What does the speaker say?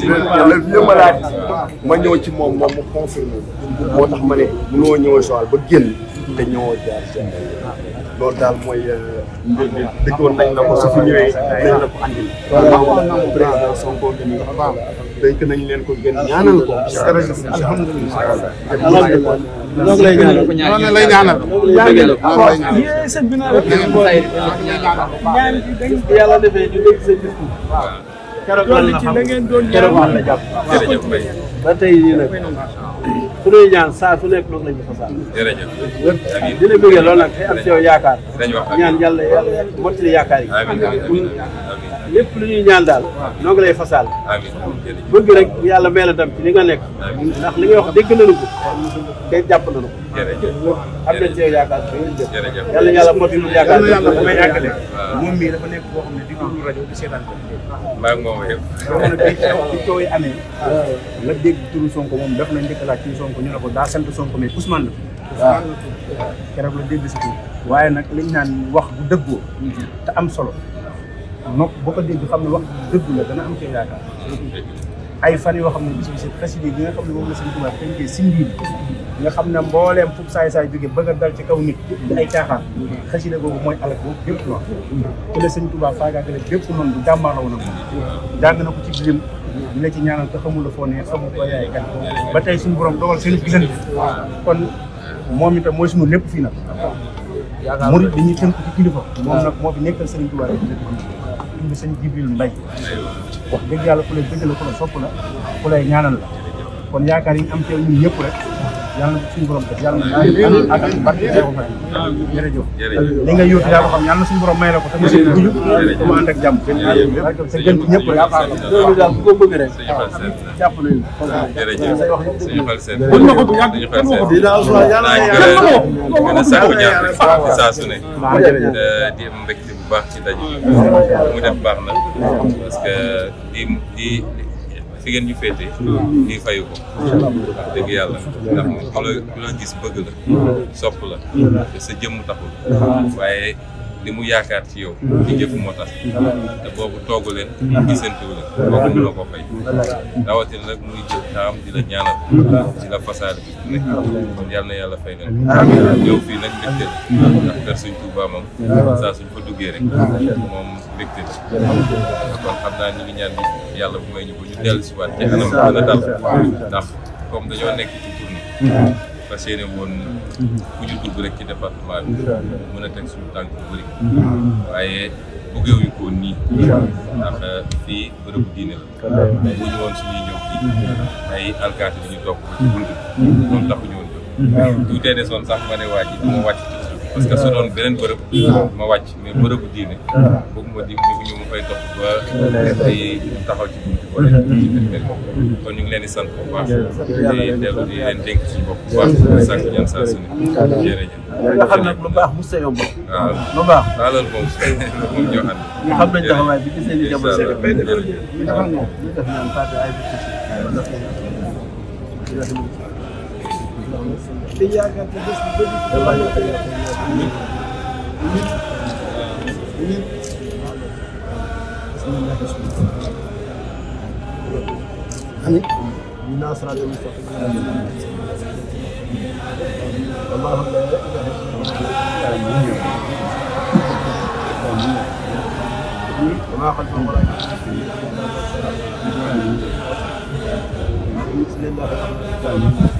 te le vieux malade ma ñëw ci moom moom mu confirmé moo tax ma ne munoo ñëw Joal ba génn te ñëwoo jaar loolu daal mooy euh, mbir la ko su fi ñëwee nañ la ko andil. waaw président Sonko ngi nii dénk nañ leen ko gën ñaanal ko. alhamdulilah alhamdulilah. ñoo keroog lan la xam keroog lan la jàpp. jërëjëf Mbaye ba tey nii nag su ñuy ñaan saa su nekk loolu la ñu fasal. jërëjëf dina bëggee loolu nag te am si yow yaakaar. ñaan yàlla yàlla mottali yaakaar lépp lu ñuy ñaan daal noo ngi lay fasaal bëgg rek yàlla may la dem ci li nga nekk ndax li ngay wax dégg nañu ko jàpp nañu ko am yàlla yàlla mot ñu yaakaar may àggale moom mii dafa nekk boo xam ne di déglu rajo di la dégg Sonko moom daf na njëkk laaj ci Sonko ñu ne ko daa sant Sonko mais Ousmane la waaw keroog la dégg si tur waaye nag liñ naan wax bu dëggoo te am solo nopp boo ko dégg xam ne wax dëgg la dana am ci yaakaar ay fan yoo xam ne bis bi si xasida yi nga xam ne moom la xam ne mbooleem fu saay-saay jóge bëgg a dal ci kaw nit ci ay caaxaan xasida boobu mooy alak boobu bépp noon ci la sëñ Tuubaa faagaagale bépp noonu na moom na ko ci bilim di la ci ñaanal te xamul ba tey suñu borom dogal seen gisante kon moom itam mooy suñu lépp fii nag murid dañuy tënk ci kilifa moom nag moo fi nekkal sëñ bi sëñ Jibril Mbay wax dëgg yàlla ku lay bëgg la ku la sopp la ku lay ñaanal la kon yaakaar yi am teel ñun yëpp rek yàlla suñu borom def yàlla na ak barke Seexu Fatim jërëjëf li nga yóotu yaa ko xam yàlla suñu borom may la ko te mu seen gudd te mu ànd ak jàmm sa gën ci ñëpp rek loolu daal bu ko bëgg rek jàpp nañu jërëjëf suñu xel seen buñ ma ko bu yàgg suñu ko dina Allah yàlla na gën a sàkku ñaan rek ci saa su ne di am mbégte bu baax ci ndaje mu def baax na parce que di di fi ngeen ñu féete ñuy fayu ko wax yàlla ndax ku la la gis bëgg la sopp la sa jëmm taxul waaye li mu yaakaar ci yow ci jëf moo tax te boobu toogu leen gisantewu leen kooku mënoo ko fay rawatina nag muy jël taam di la ñaanal ci la fasaale bi nekk kon yal na yàlla fay leen ñëw fii nag mbégte la suñ Tuubaa moom saa suñ fa duggee rek moom mbégte la kon xam naa ñu ngi ñaan yàlla bu may a comme dañoo nekk fas yéene woon ku ñu dugg rek ci département bi mën a teg suñu tànk bu bëri waaye bëggeewu ñu ko woon nii ndax euh, fii bërëbu diine la bu woon suñuy ñëw fii ay alkaati bi ñu toog ci bunt bi moom taxuñu woon jóg desoon sax ma ne waa ji du wàcc parce que su doon beneen bërëb ma wàcc mais bërëbu diine bëgguma di ñu ñu ma fay topp ba ay taxaw ci buntu wala ñu ngi leen di sant bu baax di dellu di leen dénk suñu bopp bu baax sàkk ñaan saa su ne jërëjëf nga lu baax mu sa yomb waaw lu baax waaw i te yaakaar ci bés bu bëri ci wàllu amin بنا صراط المستقيم اللهم لا اله الا انت وما خلفهم ولا بسم الله الرحمن الرحيم